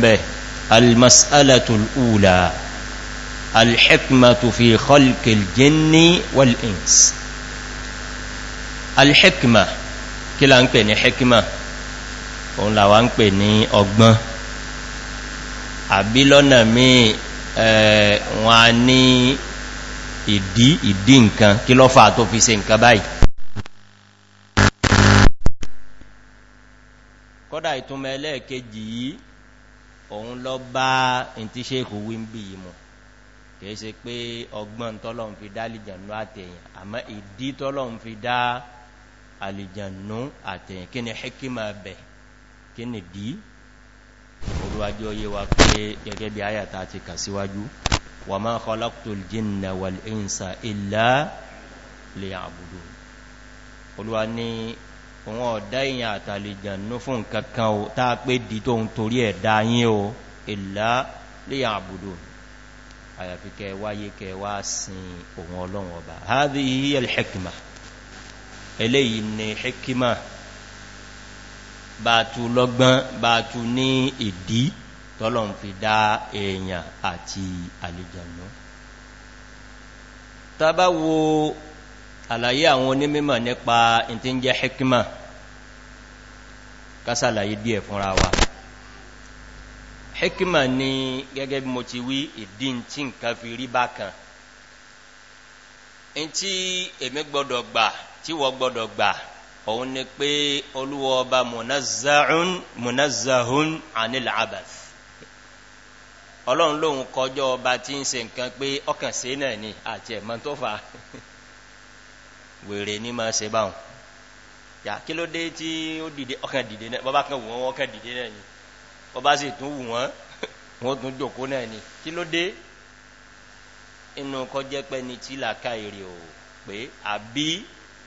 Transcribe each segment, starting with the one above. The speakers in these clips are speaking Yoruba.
bẹ̀ almasalatul ula alhikmatu fi khalqil jinni wal ins alhikma kí la ń pè ní hikma òun la wá ń pè ní ọgbọ́n àbí lọ́nà míì wọn a ní ìdí ìdí nǹkan kí ló fà tó fi ṣe nǹkan báyìí kódà ìtumọ̀ ẹlẹ́ẹ̀kejì yìí òun lọ bá in ti ṣéèkù wí ń bí ìmọ̀ kìí ṣe pé ọgbọ́n tọ́lọ́un fi dá àlìjànú àtẹ̀yìn àmọ́ ìdí tọ́lọ́un fi dá àlìjànú àtẹ̀yìn kí ni hikima bẹ̀ kí ni dí olúwájú oyé wa pé gẹ́gẹ́ bí ayàta ti kà síwájú wà máa kọlọ́kùtùl jínà wà ìsà ìlà lè àbùdó olúwa ní òun ọ̀dá èyàn àtàlèjànú fún kankan o táa pé dì tó ń torí ẹ̀dá yín o ìlà léyàn àbùdó àyàfi kẹwàáyé kẹwàá sin òun ọlọ́run ọba hábí yí alhikima eléyìí ni hikima bàtú lọ́gbọ́n bàtú ní ìdí tọ́lọ̀ fi dá èèyàn àti àlèjànú àlàyé àwọn onímọ̀ nípa ìtí ń jẹ́ hikima kásàlàyé díẹ̀ fúnra wa hikima ni gẹ́gẹ́ bí mo ti wí ìdí tí nǹkan fi rí bákan in tí èmi gbọdọ̀ gbà tí wọ́n gbọdọ̀ gbà òun ni pé olúwọ́ ọba munazzahun anil abath ọlọ́run lóhun kọjọ́ ọba tí ń se nǹkan pé ọkàn sí náà ni àti ẹ̀mọ́ tó fà wèrè ní máa ṣe báhùn yà kí ló dé tí ó dìde ọkàn dìde náà bọ́bá kan wù wọ́n ọkàn dìde náà ni bọ́bá sì tún wù wọ́n wọ́n tún jòkó náà ni kí ló dé inú kọjẹ́ pẹ́ ni tí làákà èrè ò pé àbí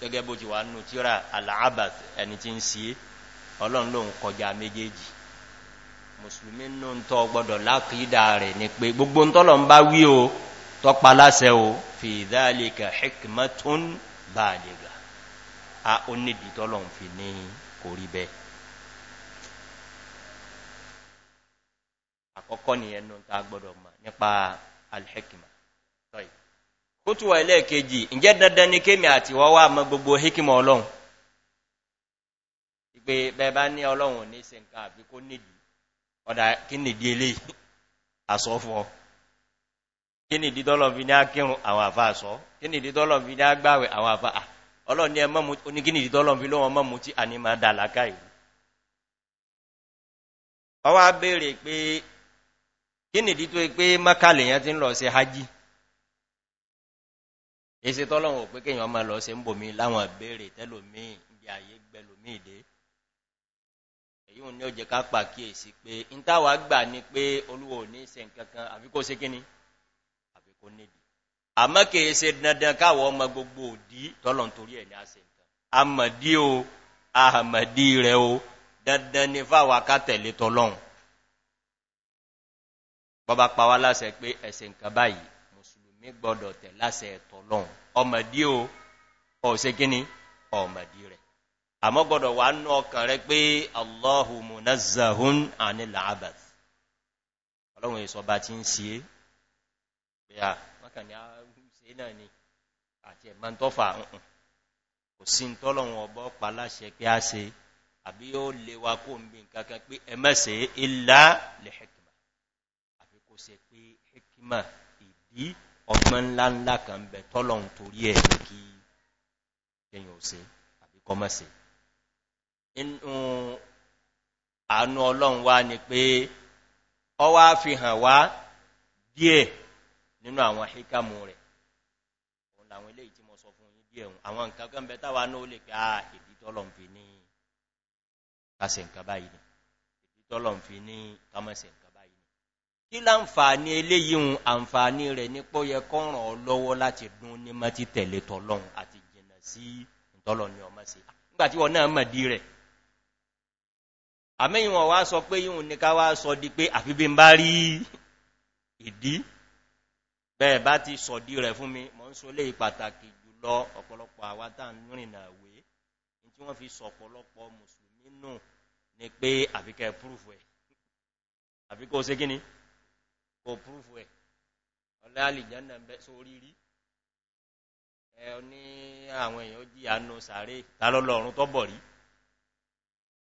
gẹ́gẹ́ bó ti wà nù tíra alahabath ẹni tí ń sí ọlọ́run lòun kọjá méjèèjì mùsùlùmí nù ń tọ́ gbọ́dọ̀ lákìídà rẹ̀ ni pé gbogbo ń tọ́lọ̀ ń bá wí o tọ́pa láṣẹ o fìdálẹ̀ hikmatun bá a lè gà ó nídìí tọ́lọ̀ ń fi ní kò bẹ́ẹ̀ àkọ́kọ́ nìyẹn nù tá gbọ́dọ̀ mọ̀ nípa alhikima tọ́yì kútùwà ẹlẹ́ẹ̀kejì dandan ní kémi àti gbogbo hekima ọlọ́run ìpè bẹ́ẹ̀ bá ní ọlọ́run ní ṣe àbí kó nídìí ọ̀dà kí nìdí àsọ́fọ́ kí nìdí kíni ìdítọ́lọ̀ fi dá gbáwẹ̀ àwọn àfà ọlọ́ni ẹ mọ́mú oníkíni ìdítọ́lọ̀ fi lọ́wọ́ mọ́mú tí a ní máa dà lákàí ọwá bèèrè pé kíni ìdítọ́ pé mọ́kàlẹ̀ yẹn ti ń lọ sí hajji èsì tọ́lọ̀wọ̀ pé kíyàn máa lọ sí ń bòmí láwọn bèèrè tẹ́lòmí ibi ayé gbẹlòmí ìdé èyí ò ní ó jẹ ká àmọ́ kìí ṣe dandan káwọ ọmọ gbogbo òdí tọ́lọ̀ torí ẹ̀ ní àṣẹ ìtàn àmàdí o àmàdí rẹ̀ o dandan ni fáwà ká tẹ̀lé tọ́lọ̀un bọ́bá pàwà láṣẹ pé ẹ̀sẹ̀ nǹkan báyìí mùsùlùmí gbọ́dọ̀ tẹ̀ láṣẹ tọ́lọ̀un ọmọdí o ọ̀ṣẹ́ kíní ọmọdí rẹ̀ àmọ́ gbọ́dọ̀ wà allahu munazzahun anil abath ọlọ́run èso bá ti ń ṣe akànni ṣe náà ni àti ẹ̀mà fa fà ń kò sí tọ́lọ̀wọ̀n ọbọ́ paláṣẹ pé a ṣe àbí yóò lè wa kó ń bí nǹkankan pé ẹmẹ́sẹ̀ ilá lè hekima àbí kò se pé hekima ìdí ọgbọ́n ńláńlá kan bẹ tọ́lọ̀wọ̀n torí ẹ̀ kí èyàn ò se àbí kọmọ́sẹ̀ inú àánú ọlọ́run wá ni pé ọwá fi hàn wá díẹ̀ nínú àwọn hikamu rẹ̀ òun làwọn ilé ìtí mọ́ sọ fún yí díẹ̀ òun àwọn nǹkan kan bẹ táwà náà lè pẹ́ ìdítọ́lọ̀ ń fi ní kásẹ̀ nǹkan báyìí ni ìdítọ́lọ̀ ń fi ní kámẹ́sẹ̀ nǹkan báyìí ni kí láǹfààní eléyìí hun àǹfààní rẹ̀ ní pọ́ yẹ kọ́ràn ọ lọ́wọ́ láti dún ní mọ́ tẹ̀lé tọ́lọ́hun àti jìnà sí ìtọ́lọ̀ ọmọ sí nígbàtí wọn náà mọ̀ dí rẹ̀ àmẹ́yìn wọn wá sọ pé yíhun ní ká wá sọ di pé àfi bí n bá rí ìdí bẹ́ẹ̀ bá ti sọ̀dí rẹ̀ fún mi mọ́ ń so lè pàtàkì jùlọ ọ̀pọ̀lọpọ̀ àwátà rìnà ìwé tí wọ́n fi sọ ọ̀pọ̀lọpọ̀ mùsùlùmí nù ni pé àfikẹ́ púrùfù ẹ̀ àfikọ́ ṣe gíní kò púrùfù ẹ̀ ọlẹ́ àlìjánà bẹ́ sórí rí ẹ ní àwọn èèyàn jí àánú sàárè tálọ́lọ́run tọ́bọ̀ rí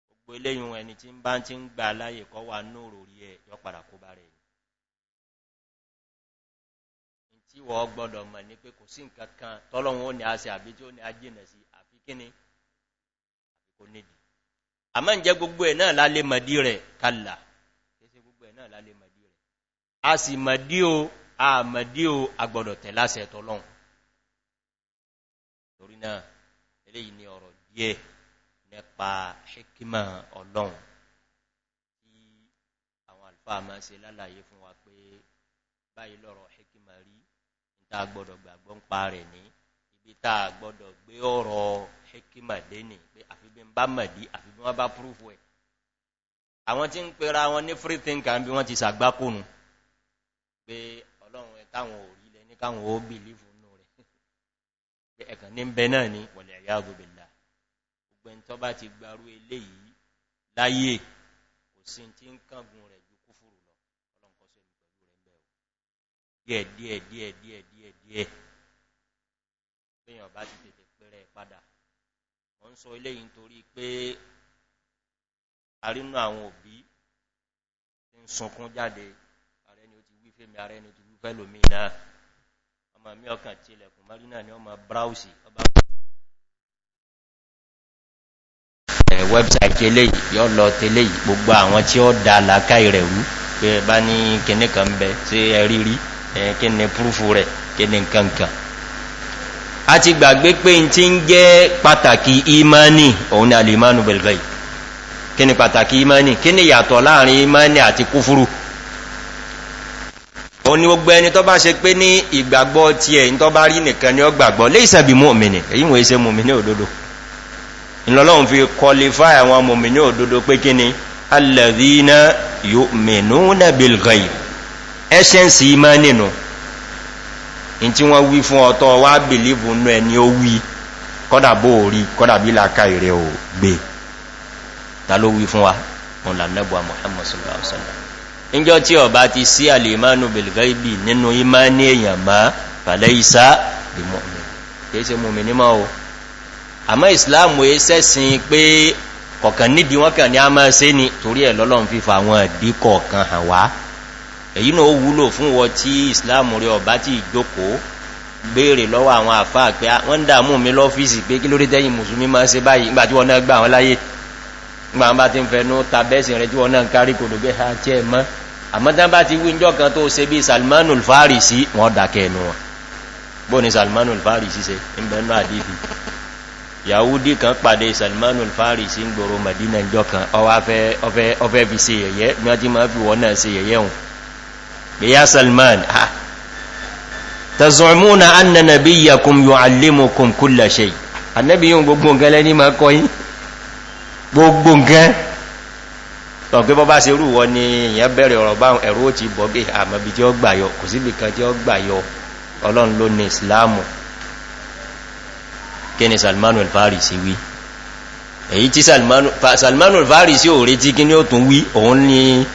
gbogbo eléyìn ẹni tí ń bá ti ń gbà láyè kọ́ wà nóòrò rí ẹ yọ́ padà kó bá rẹ̀ tí wọ́n gbọ́dọ̀ mọ̀ ní pé kò sí nǹkan kan tọ́lọ́run ó ní àṣẹ àbí tí ó ní ajínà sí àfi kíní àfi kò nídi ń jẹ́ gbogbo ẹ̀ náà lálé mọ̀dí rẹ̀ kàlà a sì mọ̀dí o a mọ̀dí o agbọ́dọ̀ tẹ̀ láṣẹ tọ́lọ́run torí náà eléyìí ni ọ̀rọ̀ díẹ̀ nípa báyìí lọ́rọ̀ tá gbọ́dọ̀ gbàgbọ́ ń pa rẹ̀ ní ibi tá gbọ́dọ̀ gbé ọ̀rọ̀ hekimade ní pé àfibin bá mẹ̀dí àfibin wọ́n bá prúfù ẹ̀ àwọn tí ń pera wọn ní free thinker bí wọ́n ti sàgbákónù pé ọlọ́run ẹ̀ táwọn òrílẹ̀ ní káwọn ó bìlífù nù rẹ̀ pé ẹ̀kàn ní bẹ náà ní wọ̀lẹ̀ àyàgòbìlà gbogbo tó bá ti gbarú eléyìí láyé kò sí tí ń kángun rẹ̀ ju kúfùrù lọ ọlọ́nkọ́sọ́ ìlú pẹ̀lú rẹ̀ bẹ̀rù díẹ̀díẹ̀díẹ̀díẹ̀díẹ̀ díẹ̀ péyàn bá ti tètè pẹ̀rẹ̀ padà wọ́n sọ eléyìí nítorí pé arínú àwọn òbí tí ń sunkún jáde ààrẹ ni ó ti wí fẹ́mi ààrẹ ni ó ti wí fẹ́ lómi náà ọmọ mi ọkàn tí ilẹ̀kùn marina ni ọmọ browse ọba wẹ́bsáìtì eléyìí yọ́ lọ tẹ́lẹ̀yìí gbogbo àwọn tí ó dá làákàí rẹ̀ wú pé bá ní kìnníkan bẹ sí ẹ̀rírí ẹ̀kíní púrúfù rẹ̀ kíni kankan a ti gbàgbé pé n ti ń jẹ́ pàtàkì imani òun ni alimanu belgai kíni pàtàkì imani kíni yàtọ̀ láàrin imani àti kúfúrú òun ni gbogbo ẹni tó bá ṣe pé ní ìgbàgbọ́ ti ẹ̀ tó bá rí nìkan ni ó gbàgbọ́ léìsẹ̀ bí mọ́mìnì èyí wọ́n ṣe mọ́mìnì òdodo ìlọ́lọ́run fi qualify àwọn mọ́mìnì òdodo pé kí ni alẹ́dínà yóò mẹ́nú nàbìlgayì ẹ̀ṣẹ́ǹsì imani nù no in tí wọ́n wí fún ọ̀tọ́ wá bèlìbù nú ẹni ó wí kọ́dà bó orí kọ́dà bí làkà ìrẹ̀ ò gbé ta ló wí fún wa wọn là nẹ́bùa mohamed sallallahu alaihi wasallam níjọ́ tí ọba ti sí alìmánu belgaibi nínú imá ní èèyàn má fàlẹ́ isá di mọ́mí kìí èyí náà wúlò fún wọ tí islam rẹ ọba tí ìjókò béèrè lọ́wọ́ àwọn àfá pé wọ́n ń dàmú mi lọ́fíìsì pé kí lórí tẹ́yìn musulmi máa ṣe báyìí ìgbàtí wọ́n náà gbà wọ́n láyé ìgbà wọn bá ti ń fẹnu tàbẹ́sì rẹ̀ tí wọ́n náà ń kárí kò lóge àti ẹ̀ mọ́ àmọ́tán bá ti wí ìjọ kan tó ṣe bí salmanu alfari wọ́n dákẹ́ ẹnu wọn bó ni salmanu alfari ṣe ń bẹ̀nu àdífi yahudi kan pàdé salmanu alfari ń gbòrò madina ìjọ kan ọwọ́ fẹ́ fi ṣe yẹ̀yẹ́ bí wọ́n ti máa fi wọ́n náà ṣe yẹ̀yẹ́ hùn ya salman ha tazumuna anna nabiyyakum yuallimukum kulla shay annabi yun gbogbo nǹkan leni ma ko yin gbogbo nǹkan to pe bo ba se ruwo ni eyan bere oro ba eru ti bo be ama bi ti o gba yo ko si kan ti o gba yo olodun lo ni islam kini salman al farisi wi èyí tí salman al farisi o retí kini o tún wí òun ni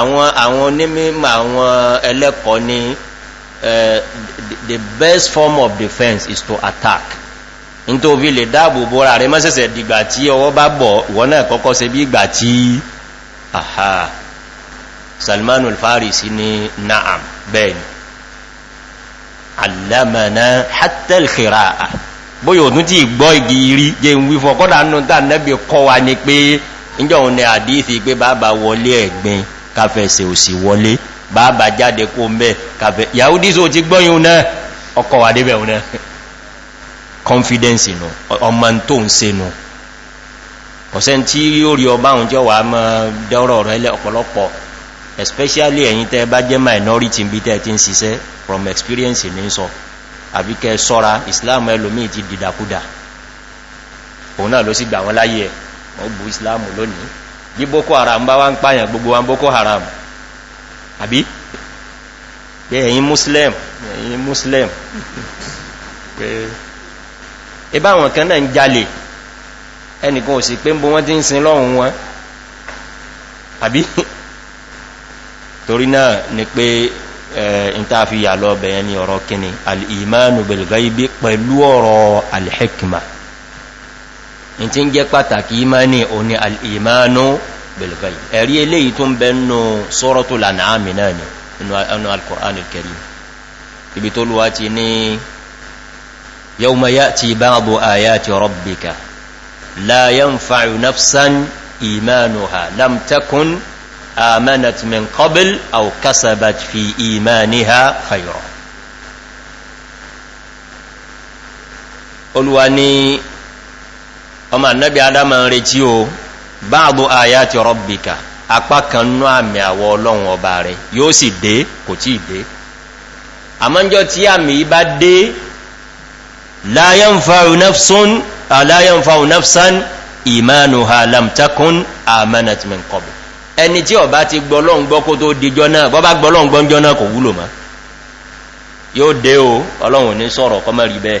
àwọn àwọn onímọ̀ àwọn ẹlẹ́kọ̀ọ́ ní the best form of defense is to attack nítorí lè dáàbò bóra rẹ mọ́sẹ̀sẹ̀ dìgbà tí ọwọ́ bá bọ̀ wọ́n náà kọ́kọ́ se bí ìgbà tí àhà salman al-faris ní na'am bẹ́ẹ̀ni alamana hatel khiraa bóyí òtún tí ìgbọ́ igi rí jẹ ń wí fọ́kọ́dà nù tàà nẹ́bí kọ́ wa ni pé ìjọ òun ni àdíìsì pé bàbá wọlé ẹ̀gbin káfẹ́sẹ̀ òsì wọlé bàbá jáde kó mẹ́ káfẹ́ yahudi so ti gbọ́yìn náà ọkọ̀ wà débẹ̀ confidence nù ọmọ tó ń se nù ọ̀sẹ́ tí yóò rí ọba òun jọ wà mọ́ dọ́rọ̀ rẹ̀ lẹ́ ọ̀pọ̀lọpọ̀ especially ẹ̀yin tẹ́ bá jẹ́ minority bí tẹ́ ti ń siṣẹ́ from experience ní sọ àbí kẹ́ sọ́ra islam ẹlòmí ti dìdàkúdà òun náà ló sì gbà wọ́n láyé ẹ̀ wọ́n bu islam lónìí yí boko haram bá wá ń pààyàn gbogbo wa boko haram àbí pé ẹ̀yin muslim ẹ̀yin muslim pé ẹbá àwọn kan náà ń jalè ẹnìkan ò sí pé ń bó wọ́n ti ń sin lọ́hùn wọn àbí torí náà ni pé ìntàfíyà lọ́bẹ̀ẹ́ ni ọ̀rọ̀ kíni al-imanu bil pẹ̀lú ọ̀rọ̀ al-hikma al hikma in ti ń jẹ́ pàtàkì imani òní al'imanu bilgai ẹ̀rí eléyìí tún bẹnu sọ́rọ̀tù lànàámi náà ni inú al-qur'an al-karim ibi tó lùwá ti ní yau ma yá ti báàbò àyá ti rọ́bìka láyán fa'u nafsan imanuha lam takun amanat min qabil aw kasabat fi imaniha khayra olúwa ni ọmọ annabi adama ń retí o báàbù àyà ti rọ́bìkà apá kan nú àmì àwọ ọlọ́run ọba rẹ̀ yóò sì dé kò tí dé àmọ́njọ́ tí àmì bá dé láyẹ̀nfàù nafsan ìmánu ha lamtakun amanat min kọbù ẹni tí ọba ti gbọ́lọ́ngbọ́ kó tó yóò dé o ọlọ́run ní sọ̀rọ̀ kọmọ̀ rí bẹ́ẹ̀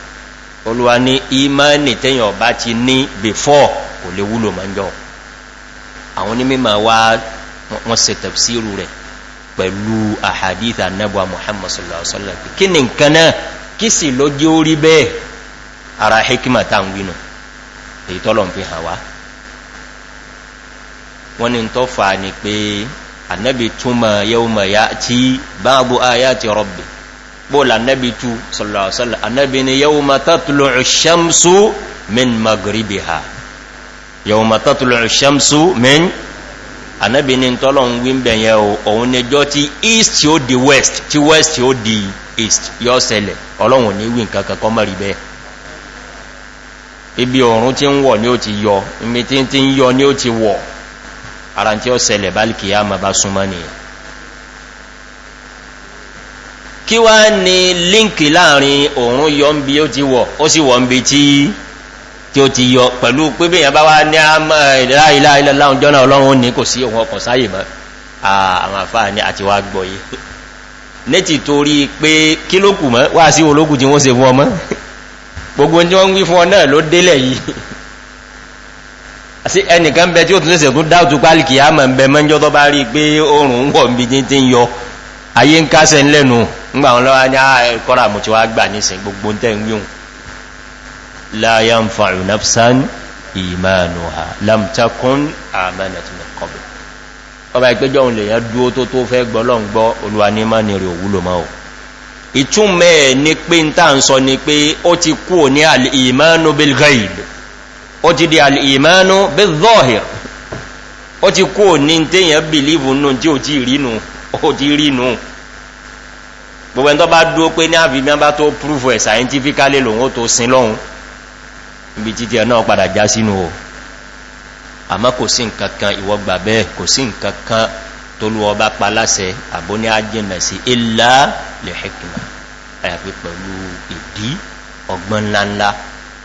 olúwa ní ìmáàni tẹ́yìn ọba ti ní before kò lè wúlò máa ń jọ àwọn onímọ̀ wá wọ́n se tẹ̀síru rẹ̀ pẹ̀lú àhàdíta nẹ́bùa muhammad sallallahu alaihi wasallam kí ni nǹkan náà kí sì ló jẹ́ orí bẹ́ẹ̀ ara hikima tá ń wínú èyí tọ́lọ̀ ń fi hàn wá wọ́n ni tó fà ní pé annabi túmọ̀ yau ma ya ti báàbù ayá ti rọ̀bì bóòlà annabi tú sọ̀lọ̀sọ̀lọ̀ annabi ni yawma tatlu ash-shamsu min maghribiha yawma tatlu ash-shamsu min annabi ni tọ́lọ̀ ń wí bẹ̀yẹ òun ni jọ ti east yóò di west ti west yóò di east yóò ṣẹlẹ̀ ọlọ́run ní wí nǹkan kankan mọ́rí bẹ́ẹ̀ ibi òòrùn tí ń wọ̀ ni ó ti yọ ibi tí ń yọ ni ó ti wọ̀ ara tí ó ṣẹlẹ̀ bá kí wá ní líǹkì láàrin òòrùn yọ ń bí ó ti wọ̀ ó sì wọ̀ ń bí tí tí ó ti yọ pẹ̀lú pé bí èèyàn bá wá ní àmà ìlàílà ilẹ̀ láwọn jọ́nà ọlọ́run ní kò sí ohun ọkàn sáyè mọ́ àwọn àfáà ní àti wá gbọ́yé nẹ́tì torí pé kí ló kù mọ́ wá sí ológun tí wọ́n se fún ọmọ gbogbo tí wọ́n wí fún ọ náà ló délẹ̀ yìí àti ẹnìkan bẹ tí ó tún lè sẹ̀kún dáàtú pálíkì àmà ń bẹ mọ́jọ́ tó bá rí pé oòrùn ń wọ̀ bí tí ń yọ ayé ń kásẹ̀ ńlẹ́nu ńgbà wọn lọ́wọ́ ní àkọ́rà ah, mú ti wá gbà nísìn gbogbo tẹ́ ń yíò láyá ń fa ìrùnafsan ìmánu ha lamtakun àmánàtìmẹ̀ kọbẹ̀ ọba ìgbẹ́jọ́ òun lè yán dúó tó tó fẹ́ gbọ́lọ́n gbọ́ olúwa ní má ní rí òwúlò máa ò ìtúnmẹ́ ní pé ń tàà ń ni pé ó ti kú ò ní alìmánu bilgaib ó ti di alìmánu bilzohir ó ti kú ò ní tẹ́yàn bìlíìfù nù tí ó ti rí nù ti rí gbogbo ẹni tó bá dúró pé ní àfi bí wọ́n bá tó prúfù ẹ̀ scientifically lòun ó tó sin lọ́hun ibi títí ẹ̀ náà padà já sínú o àmọ́ kò sí nkankan ìwọ́gbà bẹ́ẹ̀ kò sí nkankan tó lú ọba paláṣẹ àbó ní ajínà sí ilá lè hekima àyàfi pẹ̀lú ìdí ọgbọ́n ńláńlá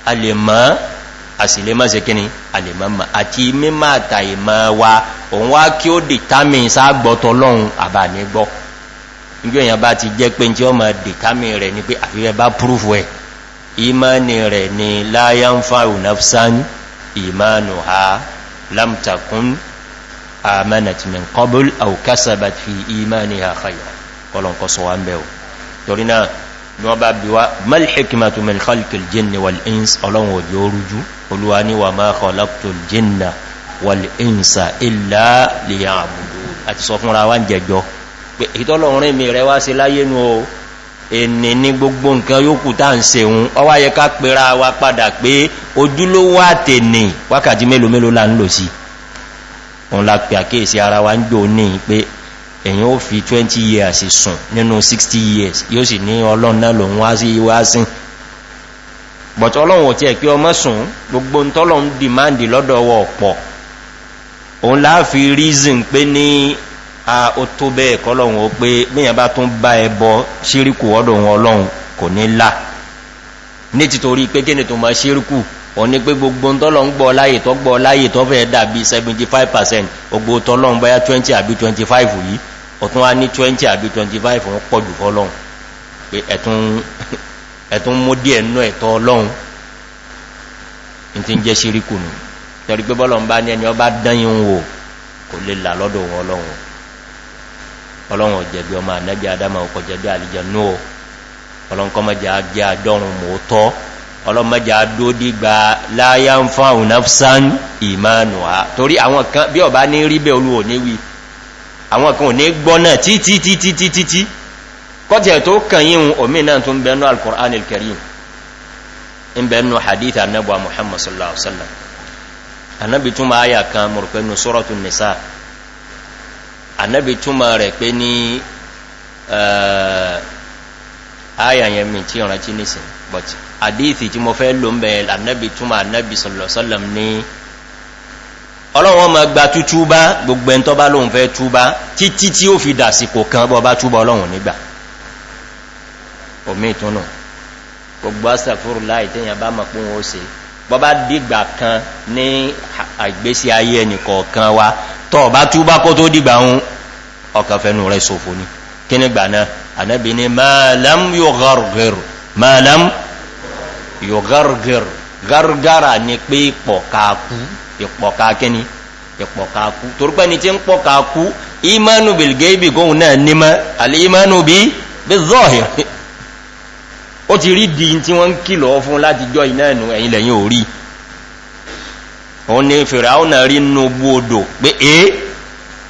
a lè mọ́ a sì lè mọ́ sí kíni a lè mọ́ àti mímọ̀ àtàìmọ́ wa òun wá kí ó dìtámì sáàgbọ́tọ̀ lọ́hun àbà ní gbọ́ nígbé èyàn bá ti jẹ́ pé tí ó ma dìtámì rẹ̀ ní pé àfihẹ́ bá púrúfù ẹ̀ ìmáni rẹ̀ ni láyá ń fa ìnafsán ìmánu ha lamtakun amánàtìmìn kọbul àwòkásábà fi ìmáni ha khayà kọlọ̀nkọ́ sọ wá ń bẹ̀wò torí náà ni wọ́n bá bí wá malhikimatu malhalkil jinni wal ins ìtọ́lọ̀rin mi rẹ̀ wá sí láyé nù o ènì ní gbogbo nǹkan yókù tá ń se ọwá yẹ ká pèrà wa padà pé ojúlówó àtẹ̀nì wákàtí mélòó mélòó là ń lò sí òun la pè àkíyèsí ara wa ń jò ní pé èyàn ó fi 20 years sùn nínú 60 years yóò sì ní ọlọ́run náà lòun wá sí wá sí bọ̀tọ̀ ọlọ́run ò tí ẹ̀ pé ọmọ sùn gbogbo ń tọ́lọ̀ ń dìmáàndì lọ́dọ̀ ọwọ́ ọ̀pọ̀ òun láàfi reason pé ní a ó tó bẹ́ẹ̀ kọ́lọ̀hun ó pé bíyàn bá tún bá ẹbọ ṣíríkù ọdọ̀ wọn ọlọ́run kò ní lá ní títorí pé kí ni tó máa ṣíríkù o ní pé gbogbo tọ́lọ̀ ń gbọ́ láyè tó gbọ́ láyè tó fẹ́ dàbí 75% ogbó tọ́lọ̀un báyá 20 àbí 25 yìí ọ̀tún wá ní 20 àbí 25 wọn pọ̀ jù fọ́lọ́run pé ẹ̀tún mú díẹ̀ nú ẹ̀tọ́ ọlọ́run tí ń jẹ́ ṣíríkù nù torí pé bọ́lọ̀ ń bá ní ẹni ọba dán yín wò kò lè là lọ́dọ̀ wọn ọlọ́run ọlọ́run ọ̀jẹ̀bí ọmọ ànábí adama ọkọ̀ jẹ̀bí àlìjẹ̀nú o ọlọ́run kọ́ mọ́já jẹ́ àdọ́run mọ́tọ́ ọlọ́run mọ́já dó dígba láyá ń fún àwọn nafsan ìmánu ha torí àwọn kan bí ọba ní rí bẹ́ olúwo níwí àwọn kan ò ní gbọ́ náà títí títí títí tí kọ́tẹ̀ tó kàn yín omi náà hadith anabu muhammad sallallahu alaihi wasallam anabi tún máa yà kan mọ̀rùpẹ́nu annabi túnmà rẹ̀ pé ní ayàyẹ̀mì tí ìrántí nìsìn but àdíìtì tí mo fẹ́ lò ń bẹ̀ annabi túnmà annabi sọ̀lọ̀sọ́lọ̀m ní ọlọ́wọ́n ma gba tútú bá gbogbo ẹntọ́ bá lóun fẹ́ túbá títí tí ó fi dàsìkò kan bọ́ bá túbọ̀ ọlọ́run nígbà omi ìtúnnù gbogbo asàfúrù láì tẹ́yàn bá mọ̀ pé wọ́n ó se bọ́ bá dìgbà kan ní àgbésí ayé ẹnìkọ̀ọ̀kan wa tọ́ bá túbá kó tó dìgbà ń ọkàn fẹ́nu rẹ̀ sòfò ní kí nígbà náà ànábì ní máàlám yóò gárùgẹ̀rù máàlám yóò gárùgẹ̀rù gárùgárà ni pé ìpọ̀kàkú ìpọ̀kàkíní ìpọ̀kàkú torípẹ́ ni tí ń pọ̀kàkú ìmánu bilgébi kóhun náà nímọ́ àlè ìmánu bí bí zọ́ọ̀hìn ó ti rí di tí wọ́n ń kìlọ̀ fún láti jọ ìnáànú ẹ̀yìn lẹ́yìn òrí òun ni fìràúnà rí nínú gbó odò pé é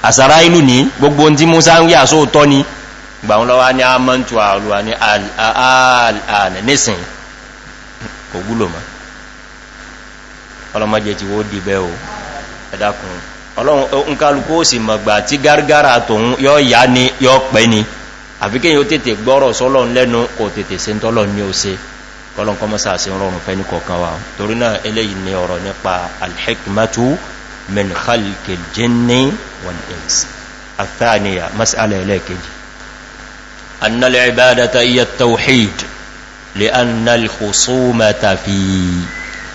àsàrá ìlú ní gbogbo tí musa ń yà só tọ́ ni gbàun lọ́wọ́ ní àmọ́ntu àrùwà ní ààlẹ̀ nísìn kò gúlò mọ́ ọlọ́mọdé ti wó dìbẹ́ o ẹ̀dàkùn ọlọ́run nkálukú ó sì mọ̀gbà kọlọ̀n kọmọ sàásí rọrùn fẹ́ ní kọ̀ọ̀kan wa torí náà eléyìí ni ọ̀rọ̀ nípa alhikmatu min khalkil jinni wal ins athaniya mas'ala ilekeji annal ibadata iya tawhid li annal khusumata fi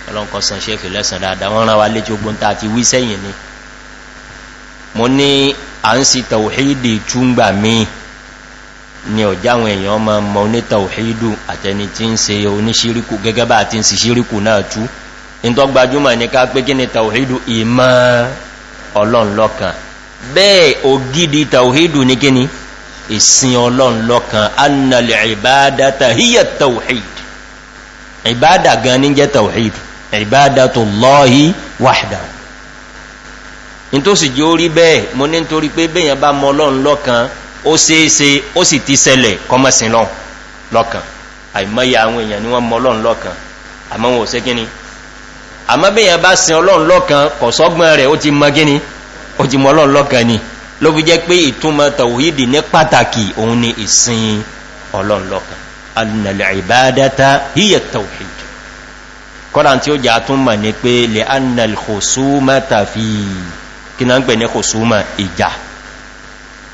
kọlọ̀n kọsàn sheikh lẹ́sàn dáadáa wọ́n rán wa lé tí ogun tàà ti wí sẹ́yìn ni mo ní à ń si tawhidi túngbà míì ni ọjá àwọn èèyàn ma mọ̀ ní tàwíìdù àtẹni tí ń se oníṣíríkù gẹ́gẹ́ bá ti ń sì ṣíríkù náà tú in tó gbajúmọ̀ ní ká pé kí ni tàwíìdù ìmọ̀ ọlọ́nlọ́kan bẹ́ẹ̀ ògidì tàwíìdù ní kí ni ìsin ọlọ́nlọ́kan annalẹ̀ ìbádá tàhíyà tàwíìdù ìbádà gan ní jẹ́ tàwíìdù ìbádà ó ṣeéṣe ó sì ti ṣẹlẹ̀ kọ́mọ́sìn lọ lọ́kàn àìmọye àwọn èèyàn ni wọ́n mọ ọlọ́run lọ́kàn àmọ́ wọn ò ṣe kí ni àmọ́ bí èèyàn bá sin ọlọ́run lọ́kàn kò rẹ̀ ó ti mọ kí ni ó ti mọ ọlọ́run lọ́kàn ni ló fi jẹ́ pé ìtumọ̀ tàwíìdì ní pàtàkì òun ni ìsin ọlọ́run lọ́kàn alìnàlẹ̀ ìbádátá híyẹ tàwíìdì kọ́nà tí ó jà tún mọ̀ ní pé lè annal kòsúmọ̀ tàfi kí náà ń pè ní kòsúmọ̀ ìjà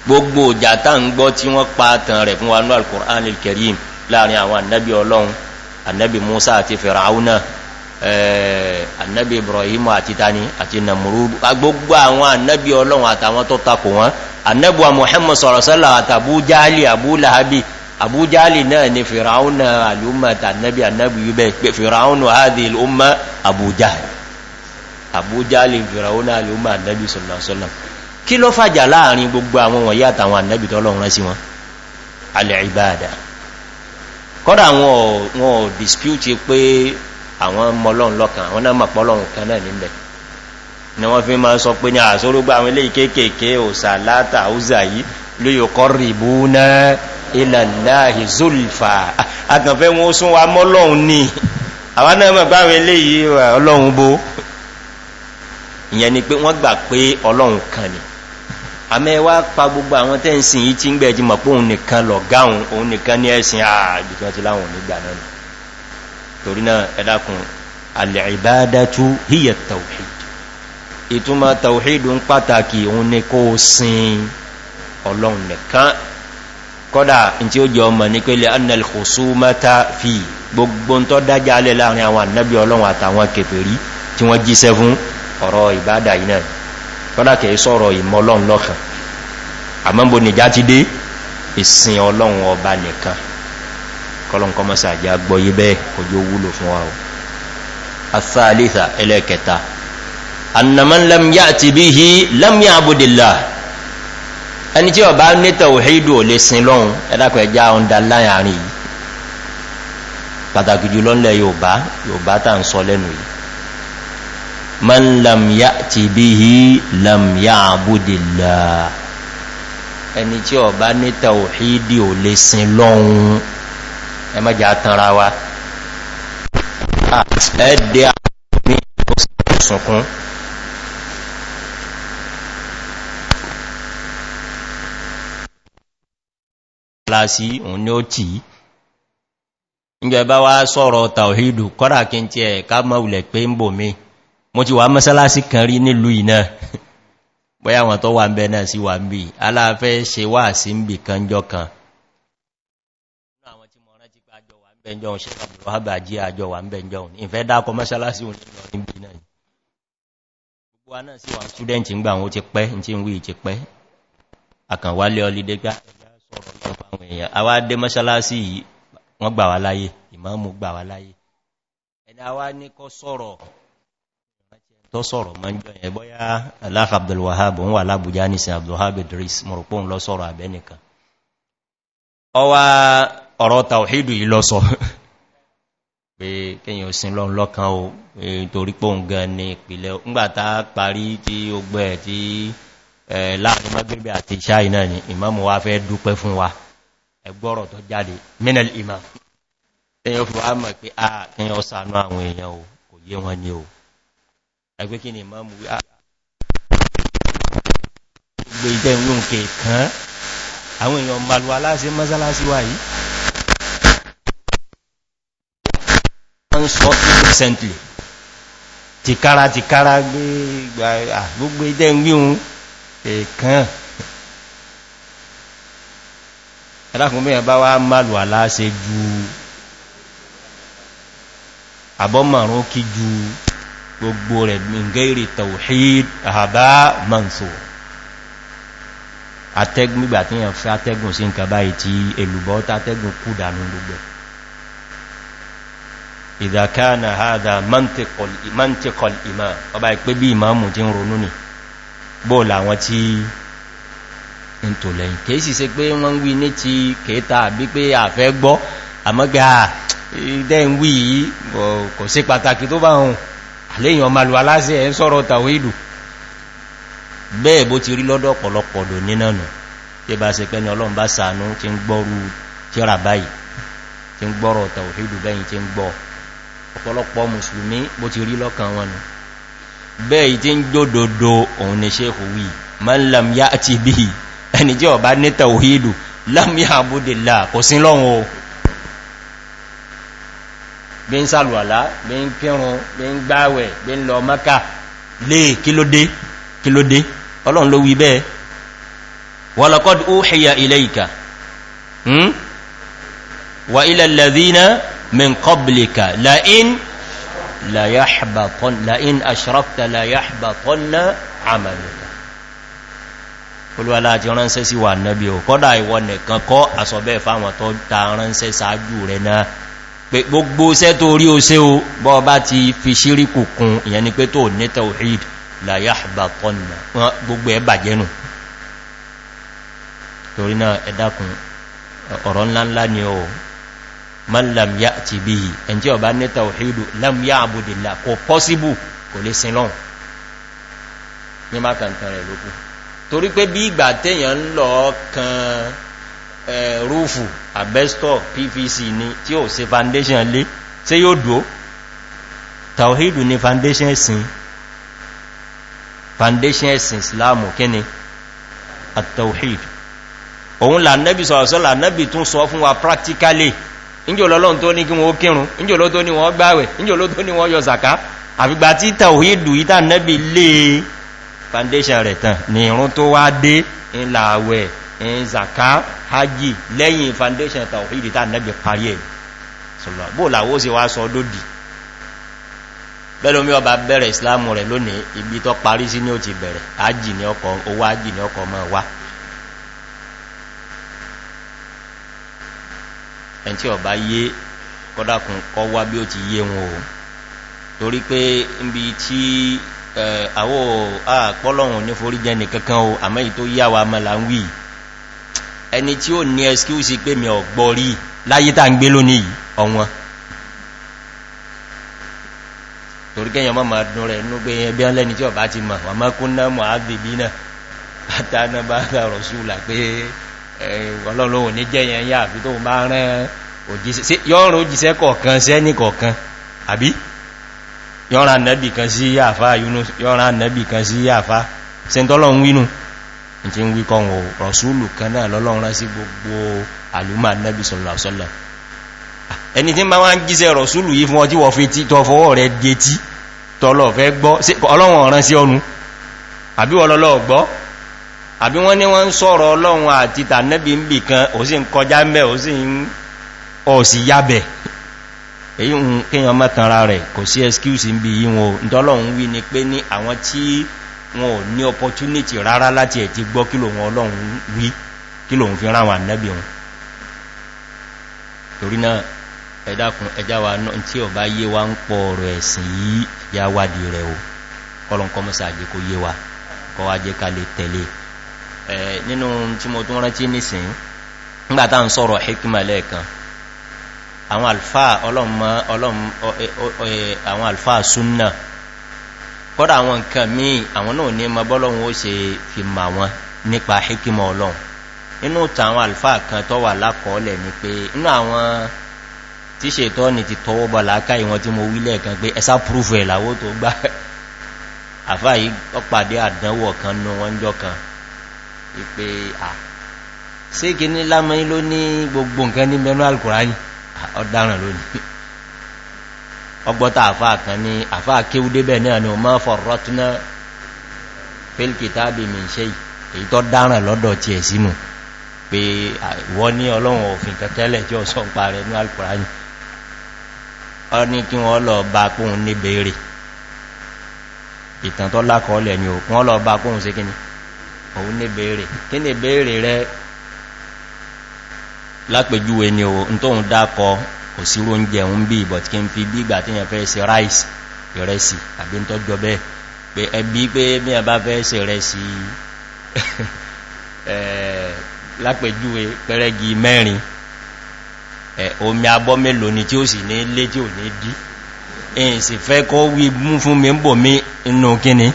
gbogbo ìjà tá ń gbọ́ tí wọ́n pa tàn rẹ̀ fún wa ní al-Qur'an al-Karim láàrin àwọn annabi ọlọ́run annabi Musa àti Fir'auna annabi Ibrahim àti tani àti Namrud gbogbo àwọn annabi ọlọ́run àtàwọn tó takò wọn annabi wa Muhammad sallallahu alaihi wasallam àti Abu Jahli Abu Lahabi Abu Jahli náà ni Fir'auna al-umma annabi annabi yubẹ̀ pé Fir'auna hadhihi al-umma Abu Jahli Fir'auna al-umma annabi sallallahu kí ló fàjà láàrin gbogbo àwọn wọ̀nyí àtàwọn ànábì tọ́lọ́run rán sí wọn al-ibada kọ́dà wọn ò dispute pé àwọn mọ́lọ́run lọ́kan àwọn náà mọ̀pọ́lọ́run kan náà nílẹ̀ ni wọ́n fi máa sọ pé ní àṣórógbà àwọn ilé kéèkéèké òsà látà òzà yìí ló yóò kọ́ rìbú náà ìlàláhì zulfa agànfẹ́ wọn ó sún wa mọ́lọ́run ní àwọn náà mọ̀ gbáwọn ilé yìí ọlọ́run bó ìyẹn ni pé wọ́n gbà pé ọlọ́run kan ni àmẹ́ wá pa gbogbo àwọn tẹ́ ń sin yìí tí ń gbẹ̀ jí mọ̀ pé òun nìkan lọ gáhùn òun nìkan ní ẹ̀sìn ààbì tí wọ́n ti láwọn onígbà náà torí náà ẹ̀dàkùn alìbádátú híyẹ tàwíd ìtumọ̀ tàwíd ń pàtàkì òun ni kó sin ọlọ́run nìkan kọ́dá kẹ́ sọ̀rọ̀ ìmọ̀ ọlọ́run lọ́kàn àmọ́bò nìjá ti dé ìsìn ọlọ́run ọba nìkan kọ́lọ́n kọ́ mọ́sá àjá gbọ́yé bẹ́ẹ̀ ojú wúlò fún wa o ẹlẹ́kẹta annaman lam ya ti bí i lam ya abudillah ẹni tí ọba ní tàwíhídù ò lè sin lọ́run ẹ̀dàkọ̀ ẹja ọ̀ndà láàrin yìí pàtàkì jùlọ ńlẹ̀ yorùbá yorùbá tá ń sọ lẹ́nu yìí man lam ya ti bihi lam ya abudilla ẹni tí ó bá ní tàwídí ò lè sin lọ́hun ẹ má jà tanra wa ẹ̀dẹ́ àmì ìsọ̀kún láti òun ni ó tìí ìjọba wá sọ̀rọ̀ tàwídù kọ́rà kí n ti ẹ̀ ká mọ́ ulẹ̀ pé ń bò mí mo ti wà mọ́sálásí kan rí nílùú iná bóyá wọn tó wà ń bẹ náà sí wà ń bí aláàfẹ́ ṣe wà sí ń bì kan jọ kan bẹ̀njọ́un ṣe àbúrò àbà jí àjọ wà ń bẹ̀njọ́un ìfẹ́ dákọ mọ́ṣálásí òun lọ ní bí náà gbogbo aná sí wà ṣúdẹ́ntì ń gbà wọn ti pẹ́ tí ń wí ìti tó sọ̀rọ̀ ma ń jọ yẹn bọ́yá aláha abdulwahab ń wà lábújá nìsìn abdulwahab idris mọ̀rọ̀pọ̀ lọ sọ̀rọ̀ àbẹ́nìkan ọwá ọ̀rọ̀ tàwíìdù yìí lọ sọ pé kíyàn sin lọ lọ́kan o torí pò ń gan ní ìpìlẹ̀ ni ìmọ́mù wa fẹ́ dúpẹ́ fún wa o ẹgbẹ́ kí ni ìmáàmù wí gbé ìjẹ́ ìwé òǹkè kàn àwọn èèyàn malu aláṣẹ mọ́sálásí wà yìí wọ́n sọ recently tìkára tìkára gbé gbogbo ìjẹ́ ìwé òǹkè kàn ẹ̀lákùn mẹ́rin bá wá malu aláṣẹ ju àbọ́mọ̀rún kí ju gbogbo rẹ̀ mingeri tawhid àbá manso atẹ́gùn gbígbà tí yàn fẹ́ atẹ́gùn sí nǹkan báyìí tí èlùbọ́ tàtẹ́gùn kú dànù gbogbo ìdàkánà hádà mantikọl ìmá ọba ìpé bí ìmáàmù tí ń ronú nì bóòlù àwọn tí ń tò lẹ́yìn kìí sì se pé wọ́n wí ní ti kẹta àbí pé àfẹ́ gbọ́ àmọ́gbà ìdẹ́ ń wí yìí kò sí pàtàkì tó bá hùn lẹ́yìn ọmọ alù aláṣẹ ẹ̀ sọ́rọ̀ tàwílù bẹ́ẹ̀ bó ti rí lọ́dọ̀ pọ̀lọpọ̀lọ̀ nínànà tí bá se pẹ́ ni ọlọ́run bá sàánú tí ń gbọ́rú tíra báyìí tí ń gbọ́rọ̀ tàwílù bẹ́yìn tí ń gbọ́ ọ̀pọ̀lọpọ̀ mùsùlùmí bó ti rí lọ́kàn wọn bí ń sàlùwàlá bí ń kírun bí ń gbáwẹ̀ bí ń lọ mọ́ká lè kílódé kílódé ọlọ́run ló wí bẹ́ẹ̀ wọ́lọ́kọ́dù ó hìyà ilẹ̀ ìkà wà ilẹ̀ lẹ́dínà mẹ́kọ́blìkà láìn aṣírọ́pta láyáhbàtọ́nà àmàlùkà olúwàlá àti ránṣẹ́ sí wà náà bí ò kọ́dà ìwọ̀n nìkan kọ́ àsọ̀bẹ́ fáwọn tó ta ránṣẹ́ sáájú rẹ̀ náà pé gbogbo iṣẹ́ tó rí o ṣe o bọ́ bá ti fi ṣírí kùkùn ìyẹn ni pé tó ní tawhid la yahbatanna gbogbo ẹ bàjẹ́ nù torí náà ẹ dákun ọ̀rọ̀ ńláńlá ni o man lam ya'ti bihi ẹn tí ó bá ní tawhid lam ya'budillah kò possible kò lè sin lọ́hun ní má kàntàn rẹ̀ lókù torí pé bí ìgbà téèyàn lọ kan rúfù àbẹ́stọ̀ pvc ni tí ó se foundation lé tí yóò dúó tàwíìdù ni foundation ẹ̀sìn foundation ẹ̀sìn islamu kíni àtàwíìd òun lànẹ́bì sọ̀rọ̀sọ́ lànẹ́bì tún sọ fún wa practically ìjòlọ́lọ́n tó ní kí wọ́n kírun ìjòló tó ní wọ́n gbáwẹ̀ ìjòló tó ní wọ́n yọ zaka àfigbà tí tàwíìdù yìí tànẹ́bì lé foundation rẹ̀ tàn ní ìrún tó wá dé ńlá in eh, zaka hajji lẹ́yìn foundation tawhidi ta nabi parí ẹ̀ sọ̀rọ̀ bó làwó sí wá sọ lódì bẹ́lómi ọba bẹ̀rẹ̀ islamu rẹ̀ lónìí ibi tó parí sí ní ti bẹ̀rẹ̀ hajji ní ọkọ̀ owó hajji ní ọkọ̀ mọ́ wá ẹn ọba yé kọ́dákun kọ́ wá bí ó ti yé wọn o torí pé ibi tí eh, àwọ̀ àpọ́lọ̀hùn ní forí jẹ́ nìkankan o àmẹ́yìn tó yáwa ń wíì ẹni tí ó ní ẹskíwùsí pé mi ọ̀gbọ́ rí láyé tàà ń gbé lónìí ọ̀wọ́n toríkẹ́yàn mọ́ ma dún rẹ̀ nú pé ẹbí ọlẹ́ni tí ọba ti mọ̀ wà mọ́kún náà mọ̀ ábìbí náà bátánà bá rọ̀ súlà pé ọlọ́lọ́wọ̀ ní jẹ́yẹn yá àfi tó tí ń wíkọ́ wọn rọ̀súlù kan náà lọ́lọ́run rán sí gbogbo àlúmà nẹ́bí sọ̀lọ̀sọ́lọ̀ ẹni tí ma wá ń gíṣẹ́ rọ̀súlù yìí fún ọjí wọ́n fi tí tọ́ fọwọ́ rẹ̀ gẹtí tọ́lọ̀ fẹ́ gbọ́ ọlọ́run ọ̀rán sí ọnu àbí ọlọ́lọ́ gbọ́ àbí wọ́n ní wọ́n ń sọ̀rọ̀ ọlọ́run àti wọn ò ní opportunity rárá láti ti gbọ́ kí lòun ọlọ́run wí kí fi ráwọn wọn torí náà ẹ̀dàkùn ẹjá wa náà tí ọba yé wa ń pọ̀ ọ̀rọ̀ ẹ̀sìn yìí ya wádìí rẹ̀ o kọlùn kọmọsà àjẹ́ kó yé wa kọ́ wa ká lè tẹ̀lé kọ́dá àwọn nǹkan míì àwọn náà ní ma bọ́lọ́run ó ṣe fi ma wọn nípa hikima ọlọ́run inú tàwọn alfa kan tó wà lákọọ́lẹ̀ ni pé inú àwọn tí ṣètọ́ ni ti tọwọ́ bọ̀ láká ìwọ̀n tí mo wílẹ̀ kan pé ẹsá púrúfù ẹ̀ láwó tó gbá àfá yìí ọpàdé àdánwò kan nú wọ́n jọ kan ìpé à sí kí ní lámọ́ ló ní gbogbo nǹkan ní mẹ́nu alkùnrin ọ̀daràn lónìí ọgbọ́ta àfáà kan ní àfáà kéwú débẹ̀ náà ni o máa fọ̀rọ̀ túná fílkìtàbí mi ṣe èyí tó dáràn lọ́dọ̀ ti ẹ̀ sínú pé wọ́n ní ọlọ́run òfin kẹtẹ́lẹ̀ tí ó sọ ń parẹ ní alkùnrin ọ ní kí wọ́n lọ bá kóhun ní bèèrè kò sí róúnjẹ ń bí ìbọ̀ tí kí n fi bí ìgbà tí yẹn fẹ́ ṣe ráìsì ìrẹsì àbí tó jọ bẹ́ẹ̀ pé ẹbí pé bí a bá fẹ́ ṣe rẹsì lápẹjúwe eh, pẹ́rẹ́gì mẹ́rin eh, omi abọ́ mélòó ni tí ó sì ní lé tí ò ní dí èyí sì fẹ́ kọ́ wí mú fún mi ń bò mí inú kíni